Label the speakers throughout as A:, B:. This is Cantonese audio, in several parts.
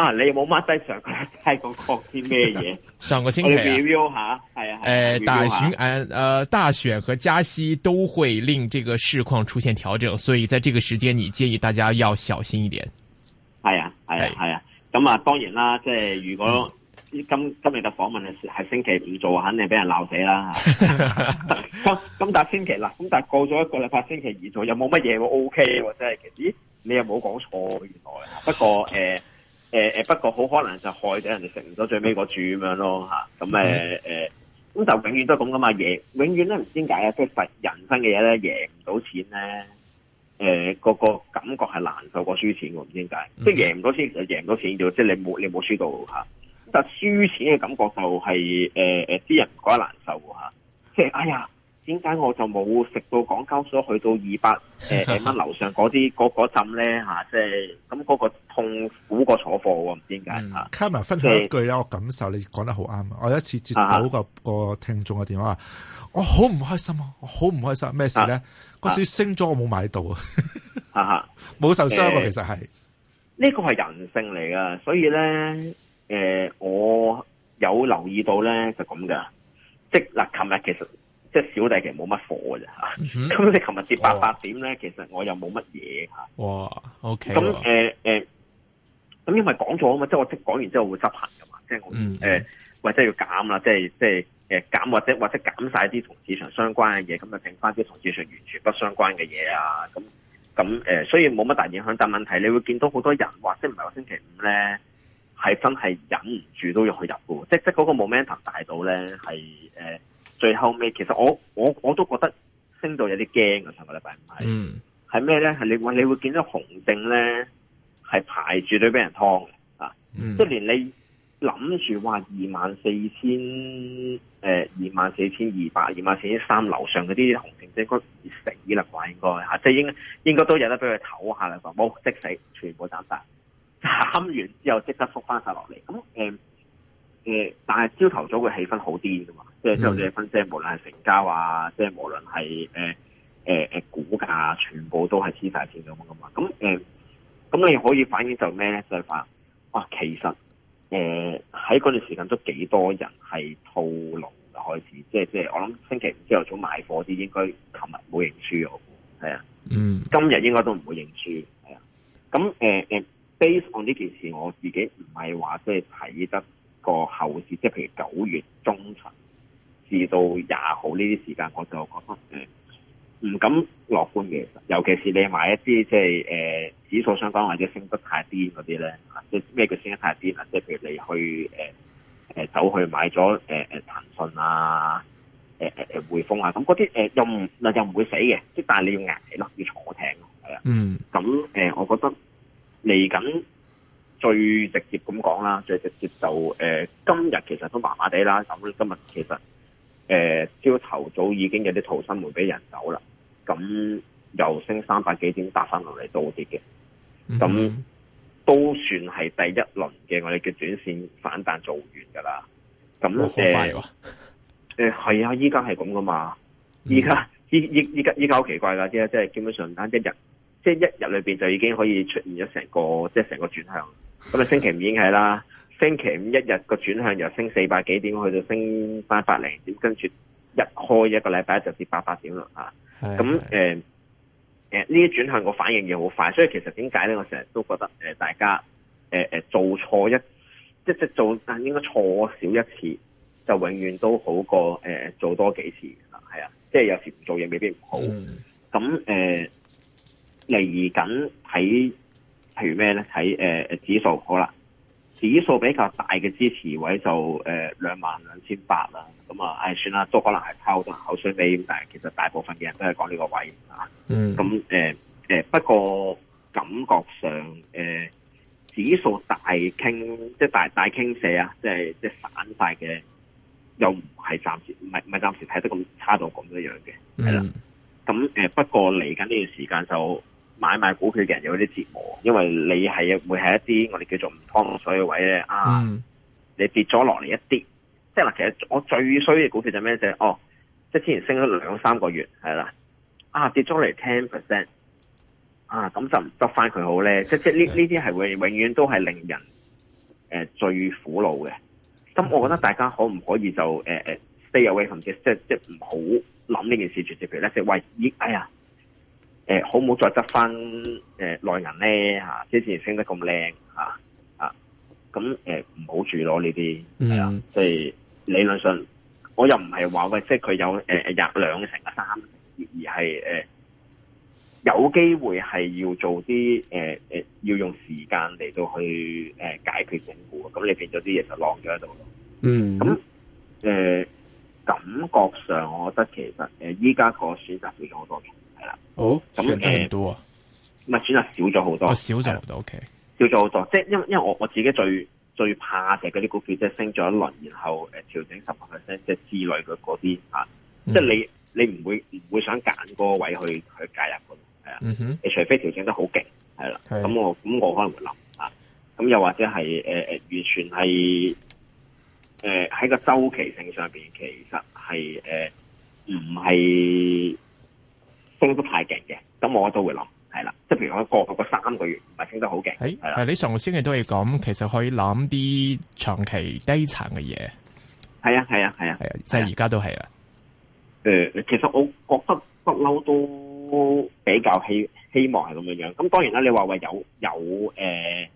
A: 啊！你冇乜低上個太過講啲咩嘢？
B: 上個星期、啊、review
A: 下，係大
B: 選、呃、大選和加息都會令這個市況出現調整，所以在這個時間，你建議大家要小心一點。
A: 係啊，係啊，係是啊！咁啊，當然啦，即、就、係、是、如果今今日嘅訪問係係星期五做，肯定俾人鬧死啦。咁咁 但係星期嗱，咁但係過咗一個禮拜星期二做，有冇乜嘢喎，O K 或者係其實咦，你有冇講錯，原來不過誒。呃誒誒、呃，不過好可能就害咗人哋食唔到最尾嗰注咁樣咯吓，咁誒誒，咁、呃 mm hmm. 呃、就永遠都咁㗎嘛，贏永遠都唔知點解啊，即係人生嘅嘢咧，贏唔到錢咧，誒、呃，個，個感覺係難受過輸錢，mm hmm. 錢，我唔知點解，即係贏唔到錢就贏多錢咗，即係你冇你冇輸到吓，但輸輸錢嘅感覺就係誒誒，啲、呃、人覺得難受嘅吓，
C: 即係哎呀。
A: 點解我就冇食到港交所去到二百誒幾蚊樓上嗰啲嗰嗰陣咧吓，即係咁嗰個痛苦過坐貨啊！唔知點解。a
D: Carmen a 分享一句咧，欸、我感受你講得好啱。我有一次接到、那個個、啊、聽眾嘅電話，我好唔開心啊！我好唔開心，咩事咧？個市、啊、升咗，啊、我冇買到
A: 呵呵啊！哈哈，
D: 冇受傷啊，其實係
A: 呢個係人性嚟噶，所以咧誒、欸，我有留意到咧就咁噶，即係嗱，琴、啊、日其實。即係小弟其實冇乜火嘅啫，吓，咁你琴日跌八百點咧，哇其實我又冇乜嘢吓。
B: 哇，OK。咁誒
A: 誒，咁、呃、因為講咗啊嘛，即係我即講完之後會執行噶嘛，
C: 即係我誒、呃嗯哼呃呃、
A: 或者要減啦，即係即係誒減或者或者減晒啲同市場相關嘅嘢，咁就整翻啲同市場完全不相關嘅嘢啊，咁咁誒，所以冇乜大影響。但問題你會見到好多人，或者唔係話星期五咧，係真係忍唔住都要去入嘅，即係即係嗰個 momentum 大到咧係誒。是呃最後尾其實我我我都覺得升到有啲驚啊！上個禮拜唔
C: 係，
A: 係咩、嗯、呢？係你會你會見到紅證呢，係排住隊俾人劏啊、嗯呃！即係連你諗住話二萬四千二萬四千二百二萬四千三樓上嗰啲紅證即係該死啦啩，應該即係應該都有得俾佢唞下啦啩，冇即死全部斬晒，斬完之後即刻復返曬落嚟咁，但係朝頭早嘅氣氛好癲。嗯、即係之後，你分析，無論係成交啊，即係無論係誒誒誒股價，全部都係黐晒線咁噶嘛。咁誒咁，欸、你可以反映就咩咧？就係話哇，其實誒喺嗰段時間都幾多人係套牢嘅開始。即係即係，我諗星期五朝頭早買貨啲，應該琴日冇認輸啊。係啊，嗯，今日應該都唔會認輸係啊。咁誒誒，Based on 呢件事，欸、thing, 我自己唔係話即係睇得個後市，即係譬如九月中旬。至到廿號呢啲時間，我就覺得誒唔、嗯、敢樂觀嘅。尤其是你買一啲即係誒、呃、指數相關或者升得太癲嗰啲咧，即係咩叫升得太癲啊？即係譬如你去誒誒、呃、走去買咗誒誒騰訊啊、誒誒匯豐啊，咁嗰啲誒又唔嗱又唔會死嘅，即但係你要捱咯，要坐艇，係啊。嗯，咁、呃、誒，我覺得嚟緊最直接咁講啦，最直接就誒、呃、今日其實都麻麻地啦。咁今日其實～誒，朝頭、呃、早,早已經有啲逃生門俾人走啦，咁又升三百幾點，搭翻落嚟倒跌嘅，咁、嗯、哼都算係第一輪嘅我哋嘅短線反彈做完㗎啦，咁誒誒係啊，依家係咁噶嘛，依家依依依家依家好奇怪㗎，即係即係基本上單一日，即、就、係、是、一日裏邊就已經可以出現咗成個即係成個轉向，咁啊星期五已經係啦。 星期五一日個轉向由升四百幾點，去到升八百零點，跟住一開一個禮拜就跌八百點啦嚇。咁誒誒呢啲轉向個反應又好快，所以其實點解咧？我成日都覺得誒大家誒誒、呃、做錯一即即做但應該錯少一次，就永遠都好過誒、呃、做多幾次啦。係啊，即係有時唔做嘢未必唔
C: 好。咁
A: 誒、嗯，嚟緊睇譬如咩咧？睇誒誒指數好啦。指數比較大嘅支持位就誒兩、呃、萬兩千八啦，咁啊，唉，算啦，都可能係拋到口水尾，但係其實大部分嘅人都係講呢個位，嗯，咁誒誒不過感覺上誒、呃、指數大傾，即係大大傾勢啊，即係即係反勢嘅，又唔係暫時，唔係唔係暫時睇得咁差到咁樣樣嘅，係、嗯、啦，咁誒、呃、不過嚟緊呢段時間就。買賣股票嘅人有啲折磨，因為你係會係一啲我哋叫做唔湯唔水嘅位咧、mm. 啊，你跌咗落嚟一啲，即係話，其實我最衰嘅股票就係咩就係？哦，即係之前升咗兩三個月係啦，啊跌咗嚟 ten percent 啊，咁就唔得翻佢好咧？即係即係呢呢啲係會永遠都係令人誒最苦惱嘅。咁我覺得大家可唔可以就誒誒 stay away from 即係即係唔好諗呢件事？絕對譬如咧，即係喂，咦哎呀。誒、啊，好唔好再執翻誒內銀呢？咧、啊、吓？之前升得咁靚吓咁誒唔好住咯呢啲係啊，
C: 即、
A: 啊、係、啊嗯嗯啊、理論上，我又唔係話喂，即係佢有誒廿兩成啊三成，而係誒、呃、有機會係要做啲誒誒，要用時間嚟到去誒解決整固，咁你變咗啲嘢就浪咗喺度咯。嗯，嗯，咁、呃、誒感覺上，我覺得其實誒依家個選擇變咗好多嘅。
B: 哦咁那啊，唔
A: 係轉係少咗好多，哦、少咗好多。O K，咗好多，即係 OK 因為因為我我自己最最怕嘅嗰啲股票，即、就、係、是、升咗一輪，然後誒調整十個 percent，即係之類嘅嗰邊即係你你唔會唔會想揀嗰個位去去介入係啊，你、嗯、哼除非調整得好勁，係啦，咁的我咁我可能會諗啊，咁又或者係誒誒完全係誒喺個周期性上邊，其實係誒唔係。呃唔係升得太勁嘅，咁我都會諗。係啦，即係譬如我過去三個月唔係升得好勁，係
B: 你上個星期都係咁，其實可以諗啲長期低殘嘅嘢。
A: 係啊，係啊，係啊，
B: 即係而家都係啦。誒、嗯，
A: 其實我覺得不嬲都比較希希望係咁樣樣。咁當然啦，你話話有有誒、呃、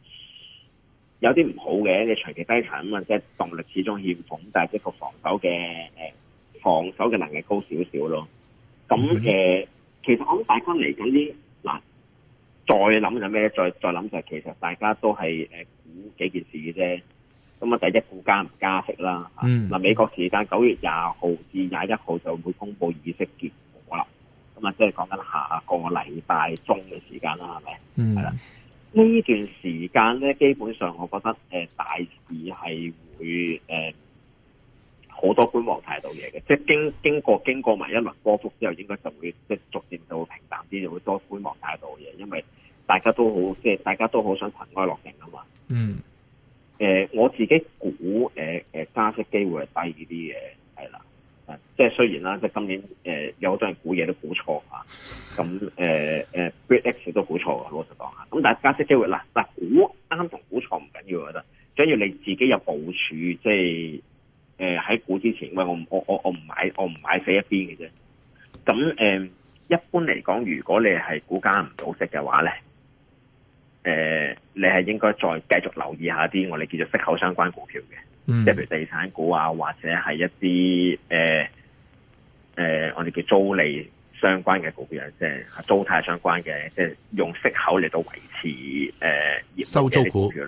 A: 有啲唔好嘅，你長期低殘啊嘛，即係動力始終欠奉，但係即個防守嘅防守嘅能力高少少咯。咁嘅。嗯。其實按大軍嚟講咧，嗱，再諗就咩咧？再再諗就係其實大家都係誒估幾件事嘅啫。咁啊，第一估加唔加息啦。嗯。嗱，美國時間九月廿號至廿一號就會公佈議息結果啦。咁啊，即係講緊下個禮拜中嘅時間啦，係咪？嗯。
C: 係啦、嗯，呢、嗯、段
A: 時間咧，基本上我覺得誒、呃、大市係會誒。呃好多觀望態度嘢嘅，即係經經過經過埋一輪波幅之後，應該就會即係逐漸到平淡啲，就會多觀望態度嘅嘢，因為大家都好即係大家都好想塵埃落定啊嘛。嗯。誒、呃，我自己估誒誒加息機會係低啲啲嘅，係啦、啊。即係雖然啦，即係今年誒、呃、有好多人估嘢都估錯啊。咁誒誒 Brexit 都估錯嘅，老實講啊。咁但係加息機會嗱嗱，估啱同估錯唔緊要，我覺得，主要你自己有部署即係。誒，喺、呃、股之前，喂，我我我我唔買，我唔買死一邊嘅啫。咁誒、呃，一般嚟講，如果你係股價唔好跌嘅話咧，誒、呃，你係應該再繼續留意下啲我哋叫做息口相關股票嘅，
C: 即係、嗯、譬
A: 如地產股啊，或者係一啲誒誒，我哋叫租賃相關嘅股票，即係租貸相關嘅，即係用息口嚟到維持誒、呃、收租股票。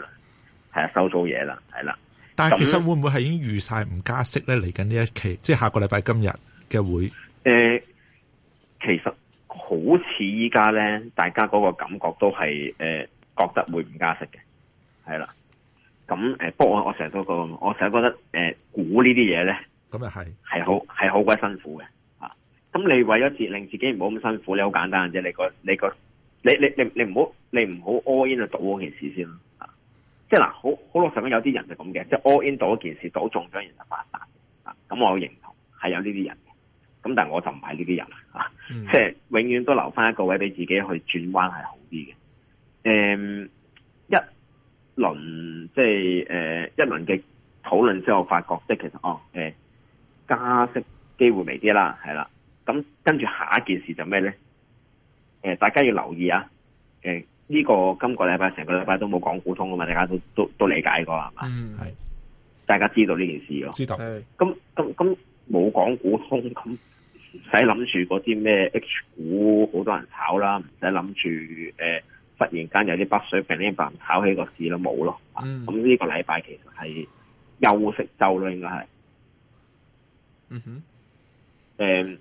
A: 係啊，收租嘢啦，係啦。但係其實
D: 會唔會係已經預晒唔加息咧？嚟緊呢一期，即係下個禮拜今日嘅會。
A: 誒、呃，其實好似依家咧，大家嗰個感覺都係誒、呃、覺得會唔加息嘅，係啦。咁誒、呃，不過我成日都講，我成日覺得誒、呃、估呢啲嘢咧，咁又係係好係好鬼辛苦嘅啊！咁你為咗令自己唔好咁辛苦，你好簡單啫。你個你個你你你你唔好你唔好 all in 啊賭嗰件事先。即係嗱，好好多時候有啲人就咁嘅，即係 all in 賭一件事，賭中咗人就發達，啊！咁我認同係有呢啲人嘅，咁但係我就唔係呢啲人啦，啊嗯、即係永遠都留翻一個位俾自己去轉彎係好啲嘅。誒、嗯，一輪即係誒、呃、一輪嘅討論之後，發覺即係其實哦、誒、呃、加息機會微啲啦，係啦。咁跟住下一件事就咩咧？誒、呃，大家要留意啊，誒、呃。呢、這個今、這個禮拜成個禮拜都冇講股通噶嘛，大家都都都理解過係嘛？係，嗯、大家知道呢件事咯。知道。
C: 咁咁咁
A: 冇講股通，咁唔使諗住嗰啲咩 H 股好多人炒啦，唔使諗住誒，忽然間有啲北水平頂棒炒起個市都冇咯。咁呢、嗯啊，這個禮拜其實係休息週咯，應該係。嗯哼。誒、呃，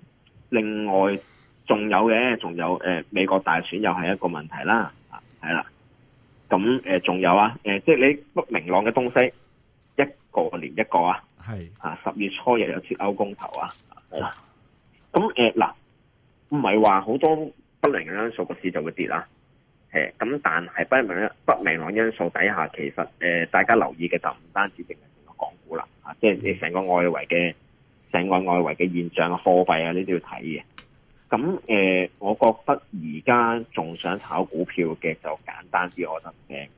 A: 另外仲有嘅，仲有誒、呃，美國大選又係一個問題啦。係啦，咁誒仲有啊，誒、呃、即係你不明朗嘅東西一個連一個啊，係的啊十月初日有折歐公投啊，係、呃、啦，咁誒嗱唔係話好多不明朗因素個市就會跌啦，誒咁但係不明朗不明朗因素底下，其實誒、呃、大家留意嘅就唔單止淨係個港股啦，啊即係你成個外圍嘅成個外圍嘅現象貨幣啊，貨幣啊呢啲要睇嘅。咁誒、呃，我覺得而家仲想炒股票嘅就簡單啲，我覺得誒，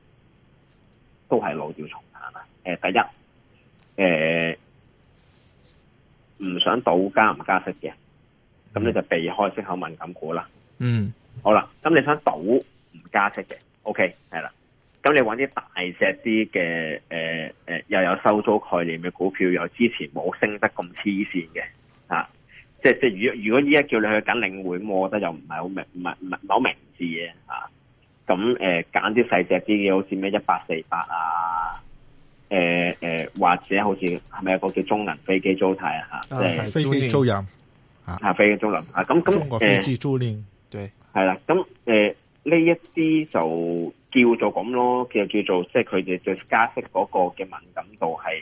A: 都係老調重彈啦、啊。誒、呃，第一，誒、呃，唔想賭加唔加息嘅，咁、嗯、你就避開息口敏感股啦。
C: 嗯，
A: 好啦，咁你想賭唔加息嘅，OK，係啦。咁你揾啲大隻啲嘅，誒、呃、誒、呃，又有收租概念嘅股票，又之前冇升得咁黐線嘅，啊即即如果如果依家叫你去揀領會，我覺得又唔係好明唔係唔係好明智嘅吓。咁誒，揀啲細隻啲嘅，好似咩一八四八啊，誒誒、欸啊啊、或者好似係咪有個叫中能飛機租賃啊？即係飛機租賃吓，飛機租賃吓，咁咁誒，非非啊、中
D: 國飛機租賃對，
A: 係啦。咁誒呢一啲就叫做咁咯，叫、就是、叫做即係佢哋對加息嗰個嘅敏感度係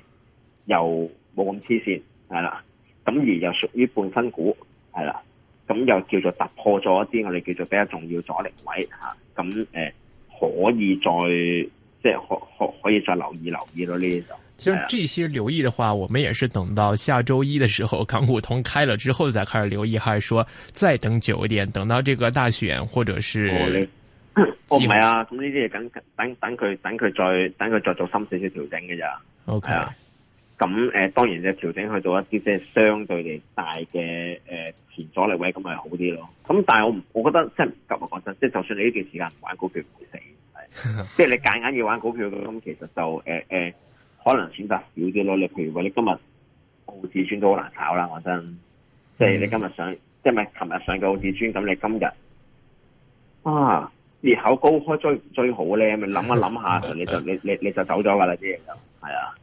A: 又冇咁黐線，係啦。咁而又屬於半分股，係啦，咁又叫做突破咗一啲我哋叫做比較重要阻力位嚇，咁、啊、誒、嗯、可以再即係可可可以再留意留意咯呢啲。就，即
B: 像呢啲留意嘅話，我們也是等到下周一嘅時候，港股通開了之後再開始留意，還是說再等久一點，等到這個大選或者是哦？
A: 哦，唔係啊，咁呢啲嘢等等等佢等佢再等佢再做深少少調整嘅咋。OK 啊。咁誒、呃，當然就調整去到一啲即係相對嚟大嘅誒前阻力位，咁咪好啲咯。咁但係我唔，我覺得即係今日講真，即係就算你呢段時間唔玩股票唔會死， 即係你夾硬要玩股票咁，其實就誒、呃呃、可能選擇少啲咯。你譬如話，你今日澳至尊都好難炒啦，我真。嗯、即係你今日上，即係咪琴日上嘅澳至尊，咁你今日啊，裂口高開追唔追好咧？咪諗一諗下 你就你你你就走咗㗎啦，啲嘢就係啊。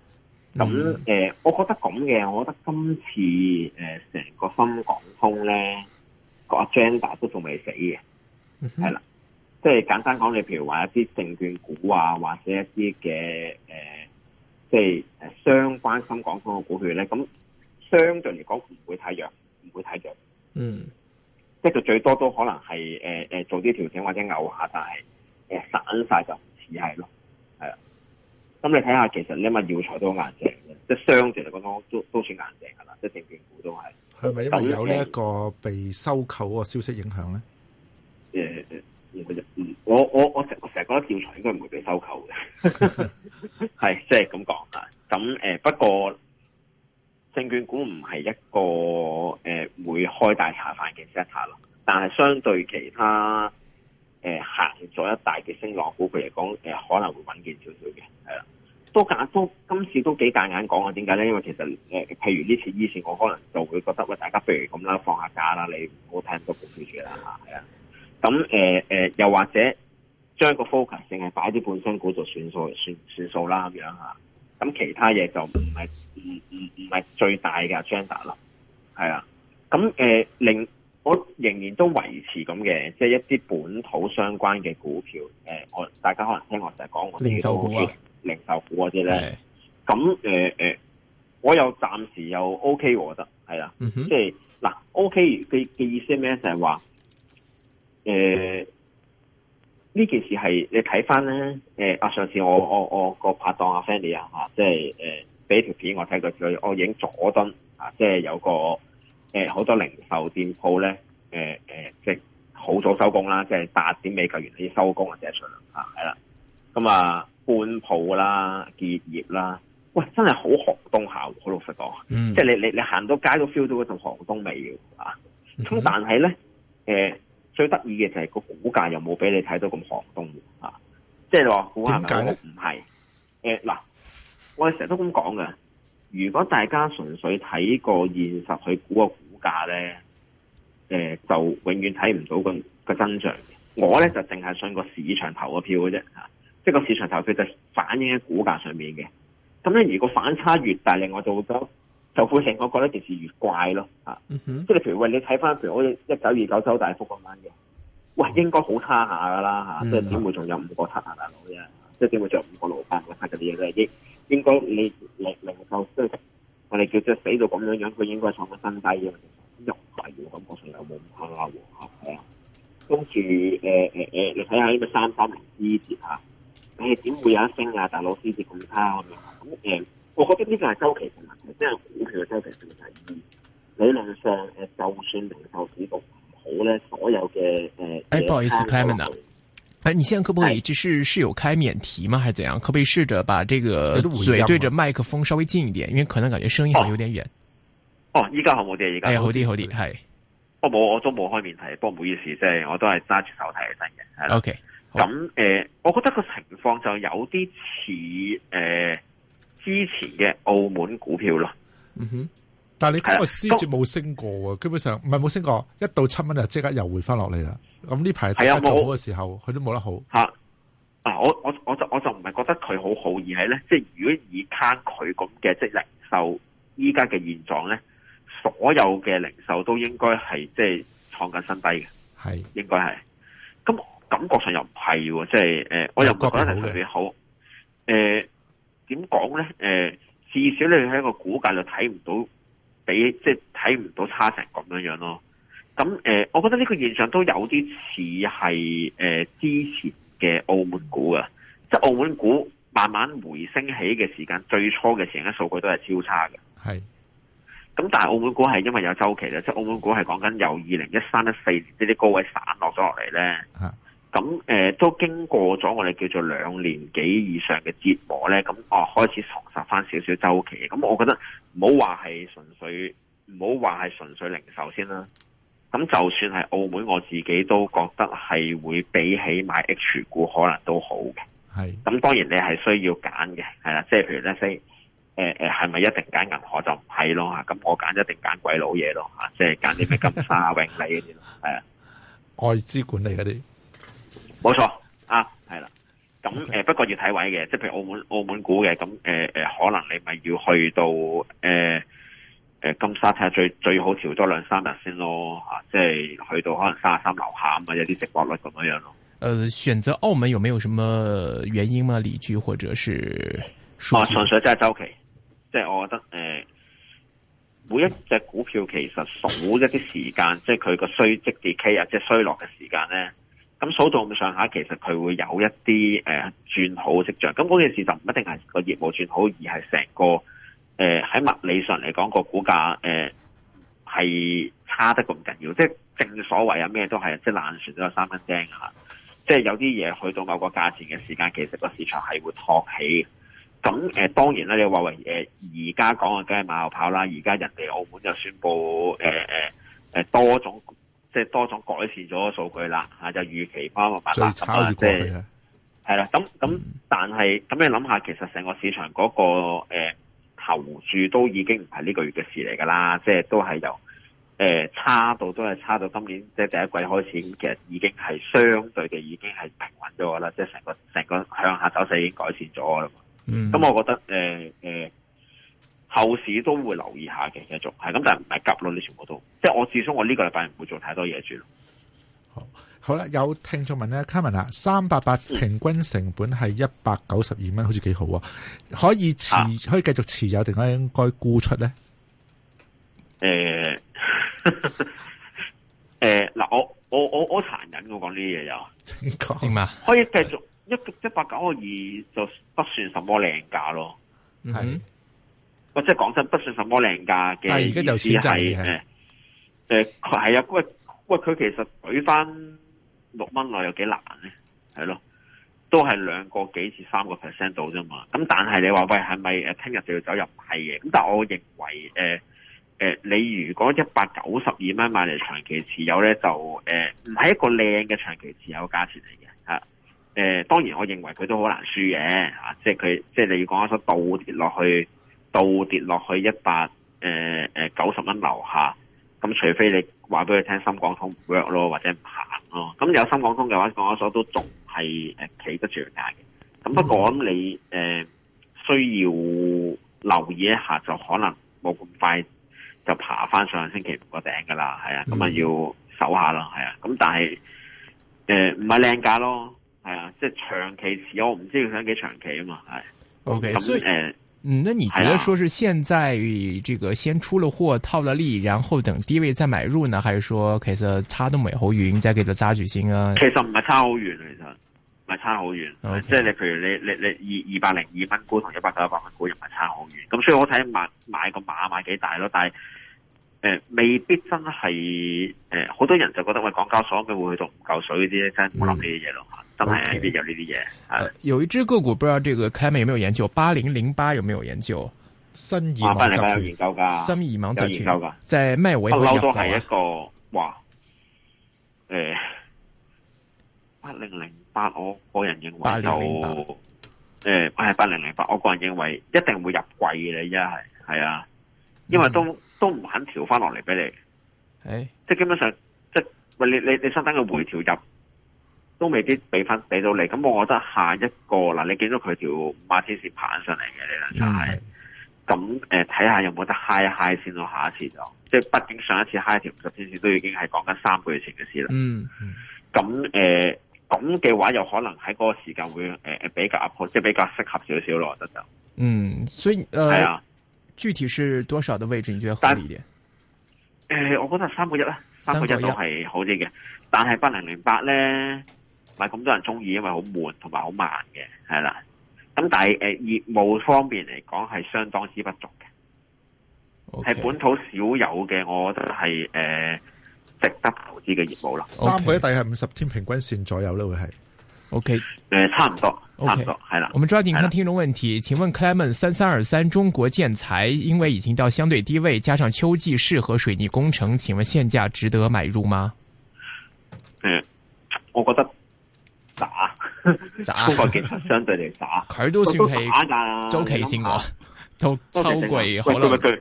A: 咁誒那、嗯呃，我覺得咁嘅，我覺得今次誒成、呃、個深港通咧，個 agenda 都仲未死嘅，
C: 係啦、嗯
A: 哼，即係簡單講，你譬如話一啲證券股啊，或者一啲嘅誒，即係、呃、相關深港通嘅股票咧，咁、嗯、相對嚟講唔會太弱，唔會太弱，嗯，即係就最多都可能係誒、呃呃、做啲調整或者牛下，但係、呃、散曬就唔似係咯。咁你睇下，其實呢因為耀才都硬淨嘅，即係相對嚟講都都，都算硬淨噶啦，即係證券股都係。係咪因為有呢一
D: 個被收購個消息影響咧？
A: 唔、嗯，我我我成日覺得耀才應該唔會被收購嘅，係即係咁講啦。咁、就是、不過證券股唔係一個誒、呃、會開大茶飯嘅 setter 啦，但係相對其他。誒、呃、行咗一大嘅升浪股嚟講，可能會穩健少少嘅，係啦。都假，都今次都幾大眼講啊？點解咧？因為其實、呃、譬如呢次、以前我可能就會覺得喂，呃，大家譬如咁啦，放下假啦，你唔好聽多個標注啦嚇，係啊。咁誒、呃呃、又或者將個 focus 淨係擺啲本身股就算數，算算數啦咁樣嚇。咁其他嘢就唔係唔唔唔係最大嘅 agenda 啦係啊。咁令。我仍然都維持咁嘅，即係一啲本土相關嘅股票。呃、我大家可能聽我成日講我啲、OK，零售股啊，零售股嗰啲咧。咁誒是的、呃呃、我又暫時又 OK，我覺得係啦。嗯、哼 即
C: 係
A: 嗱、呃、OK 嘅嘅意思係咩？就係話誒呢件事係你睇翻咧。誒、呃、啊！上次我我我個拍檔阿 Fanny 啊，即係誒俾條片我睇佢最我影佐敦啊，即係有個。誒，好、呃、多零售店鋪咧，誒、呃、誒、呃，即係好早收工啦，即係八點未夠完啲收工或者出糧啊，係啦。咁啊，半鋪啦，結業啦，喂，真係好寒冬下，好老實講，嗯、即係你你你行到街都 feel 到嗰種寒冬味嘅啊。咁、嗯、但係咧，誒、呃，最得意嘅就係個股價又冇俾你睇到咁寒冬啊，即係話股係咪？唔係誒，嗱、呃，我哋成日都咁講嘅，如果大家純粹睇個現實去估個價咧，誒、呃，就永遠睇唔到個個真相。我咧就淨係信個市場投個票嘅啫，吓、啊，即係個市場投票就反映喺股價上面嘅。咁咧，如果反差越大，令我做會，就會令我覺得件事越怪咯，吓、啊。即係你譬如喂，你睇翻譬如我一九二九周大福咁樣嘅，喂，應該好差下噶啦吓，即係點會仲有五個七下大佬啫，即係點會仲有五個老班嘅黑嘢嗰啲，應該你零零我哋 叫即死到咁樣樣，佢應該創唔咗新低嘅，又唔係喎咁，我仲有冇咁差喎？係啊，跟住誒誒誒，你睇下呢個三三零跌下，誒、呃、點、呃啊欸、會有一升啊？大佬獅子咁差咁樣，咁、啊、我覺得呢個係周期性問題，即係股票嘅周期性問題。
C: 理論上
A: 誒、呃，就算零售市局唔好咧，所有嘅、呃、不好意思，Clement 啊。
B: 誒、哎，你現在可不可以，即是是有開免提嗎，還是怎樣？可不可以試着把這個嘴對着麥克風稍微近一點，因為可能感覺聲音好有點遠。
A: 哦，哦、依家好冇啲，依家好啲好啲，係、哎。好啲好啲，係我冇，我都冇開免提，不過唔好意思，即係我都係揸住手提嚟聽嘅。O K，咁誒，我覺得個情況就有啲似誒之前嘅澳門股票咯。嗯
D: 哼。但係你嗰個市值冇升過的基本上唔係冇升過，一到七蚊就即刻又回翻落嚟啦。咁呢排大家做好嘅時候，佢都冇得好。
A: 吓、啊，我我我就我就唔係覺得佢好好，而係咧，即係如果以攤佢咁嘅即係零售依家嘅現狀咧，所有嘅零售都應該係即係創緊新低嘅，係是的 應該係。咁感覺上又唔係喎，即係誒，呃、我又唔覺得特別好。誒、呃，點講咧？誒、呃，至少你喺個股價就睇唔到。比即係睇唔到差成咁樣樣咯，咁誒、呃，我覺得呢個現象都有啲似係誒之前嘅澳門股啊，即係澳門股慢慢回升起嘅時間，最初嘅成個數據都係超差嘅，係是。咁但係澳門股係因為有周期咧，即係澳門股係講緊由二零一三一四呢啲高位散落咗落嚟咧。咁誒、呃、都經過咗我哋叫做兩年幾以上嘅折磨咧，咁、嗯、我、啊、開始重拾翻少少周期。咁、嗯、我覺得唔好話係純粹，唔好話係純粹零售先啦。咁、嗯、就算係澳門，我自己都覺得係會比起買 H 股可能都好嘅。咁是、嗯、當然你係需要揀嘅，係啦，即係譬如咧，先係咪一定揀銀河就唔係咯。咁、嗯、我揀一定揀鬼佬嘢咯，即係揀啲咩金沙、 永利嗰啲，係啊，
D: 外資管
A: 理嗰啲。冇錯啊，係啦，咁誒 Okay.、呃，不過要睇位嘅，即係譬如澳門澳門股嘅，咁誒誒，可能你咪要去到誒誒、呃、金沙睇下最最好調多兩三日先咯，吓、啊，即、就、係、是、去到可能卅三,三樓下啊，有啲直播率咁樣樣咯。
B: 誒、呃，選擇澳門有冇有什麼原因嘛？理據或者是
A: 數據？啊、純粹真係周期，即係我覺得誒、呃，每一隻股票其實數一啲時間， 即係佢個衰積嘅 k 日，即係衰落嘅時間咧。咁數到咁上下，其實佢會有一啲誒、呃、轉好嘅跡象。咁嗰件事就唔一定係個業務轉好，而係成個誒喺、呃、物理上嚟講，個股價誒係、呃、差得咁緊要。即係正所謂啊，咩都係啊，即係爛船都有三分釘啊。即係有啲嘢去到某個價錢嘅時間，其實個市場係會托起。咁誒、呃、當然啦，你話為誒而家講嘅梗係馬後炮啦。而家人哋澳門就宣布誒誒誒多種。即係多種改善咗個數據啦，嚇就預期翻落嚟啦，即係係啦。咁咁，嗯、但係咁你諗下，其實成個市場嗰、嗰個、呃、投注都已經唔係呢個月嘅事嚟㗎啦。即係都係由誒、呃、差到都係差到今年即係第一季開始，其實已經係相對地已經係平穩咗啦。即係成個成個向下走勢已經改善咗啦。咁、嗯、我覺得誒誒。呃呃後市都會留意下嘅，繼續係咁，但係唔係急咯，你全部都即係我，始終我呢個禮拜唔會做太多嘢住。
C: 好，好啦，
D: 有聽眾問咧，Kevin 啊，三百八平均成本係一百九十二蚊，嗯、好似幾好喎，可以持、啊、可以繼續持有定咧應該沽出咧？
A: 誒誒嗱，我我我我殘忍，我講啲嘢又
B: 點啊？正確可以
A: 繼續一一百九個二就不算什麼靚價咯，
B: 係、嗯。
A: 我即係講真，不算什麼靚價嘅。但係而家有時係佢係啊！喂喂，佢其實舉返六蚊內有幾難呢？係囉，都係兩個幾至三個 percent 到啫嘛。咁但係你話喂係咪聽日就要走入買嘅？咁但我認為誒你、呃呃、如果一百九十二蚊買嚟長期持有呢，就誒唔係一個靚嘅長期持有價錢嚟嘅嚇。誒當然，我認為佢都好難輸嘅、啊、即係佢即係你要講一索倒跌落去。倒跌落去一百，呃、九十蚊樓下，咁除非你話俾佢聽深港通唔 work 咯，或者唔行咯，咁有深港通嘅話，港交所都仲係誒企得住價嘅。咁不過咁、嗯嗯、你、呃、需要留意一下，就可能冇咁快就爬翻上，上星期五個頂噶啦，係啊，咁啊要守下咯，係啊，咁但係唔係靚價咯，係、呃、啊，即係、就是、長期持，我唔知佢想幾長期啊嘛，係。O K，
B: 咁誒。以嗯，那你覺得說是現在這個先出了貨套了利，然後等低位再買入呢，還是說其實差都冇好遠，再給它揸住先啊？其
A: 實唔係差好遠，其實唔係差好遠，Okay. 即係你譬如你你你二二百零二蚊股同一百九十八蚊股又唔係差好遠，咁所以我睇買買個碼買幾大咯，但係誒、呃、未必真係誒，好、呃、多人就覺得喂，港交所佢會去到唔夠水嗰啲真係冇乜嘅嘢咯。嗯真係有呢啲嘢，係、okay,
B: 呃、有一隻個股，不知道這個 Kimi 有冇有研究？八零零八有冇研究？新意網，我翻嚟都有研究噶，新意網冇有研究噶，即係咩位可以入貨啊？哇！誒、欸，
A: 八零零八，我個人認為就誒，係八零零八，欸、8, 我個人認為一定會入貨嘅，真係係啊，因為都、嗯、都唔肯調翻落嚟俾你，欸、即係基本上，即係喂，你你你想等佢回調入？都未必俾翻俾到你，咁我覺得下一個嗱，你見到佢條五十天線爬上嚟嘅咧，就係咁誒，睇下、嗯呃、有冇得嗨一嗨先咯，下一次就，即係畢竟上一次嗨一條五十天線都已經係講緊三個月前嘅事啦。嗯，咁誒、咁、呃、嘅話又可能喺嗰個時間會誒、呃、比較 up，即係比較適合少少咯，我覺得就。嗯，
B: 所以誒、係、呃、啊，具體是多少嘅位置你覺得合理啲？誒、
A: 呃，我覺得 1, 三個一啦，三個一都係好啲嘅，但係八零零八咧。唔係咁多人中意，因為好悶同埋好慢嘅，係啦。咁但係誒、呃、業務方面嚟講係相當之不足嘅，係 Okay. 本土少有嘅，我覺得係誒、呃、值得投資嘅業務啦。三個月底
D: 係五十天平均
B: 線左右啦。會係。O K，誒
D: 差唔
A: 多，差唔多係啦。我
B: 們抓緊看聽眾問題，的請問 Clement 三三二三中國建材，因為已經到相對低位，加上秋季適合水泥工程，請問現價值得買入嗎？
A: 嗯，我覺得。打，抽盤其實相對嚟打，佢都 算期，周期先我
B: 到秋季可能，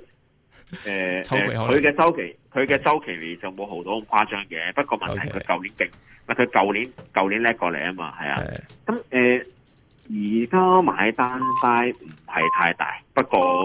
B: 誒，秋季、呃、可
A: 能，佢嘅周期，佢嘅是周期就冇好多咁誇張嘅。不過問題佢舊年勁，唔係佢舊年舊年叻過嚟啊嘛，係啊。咁誒是，而家、嗯呃、買單單唔係太大，不過。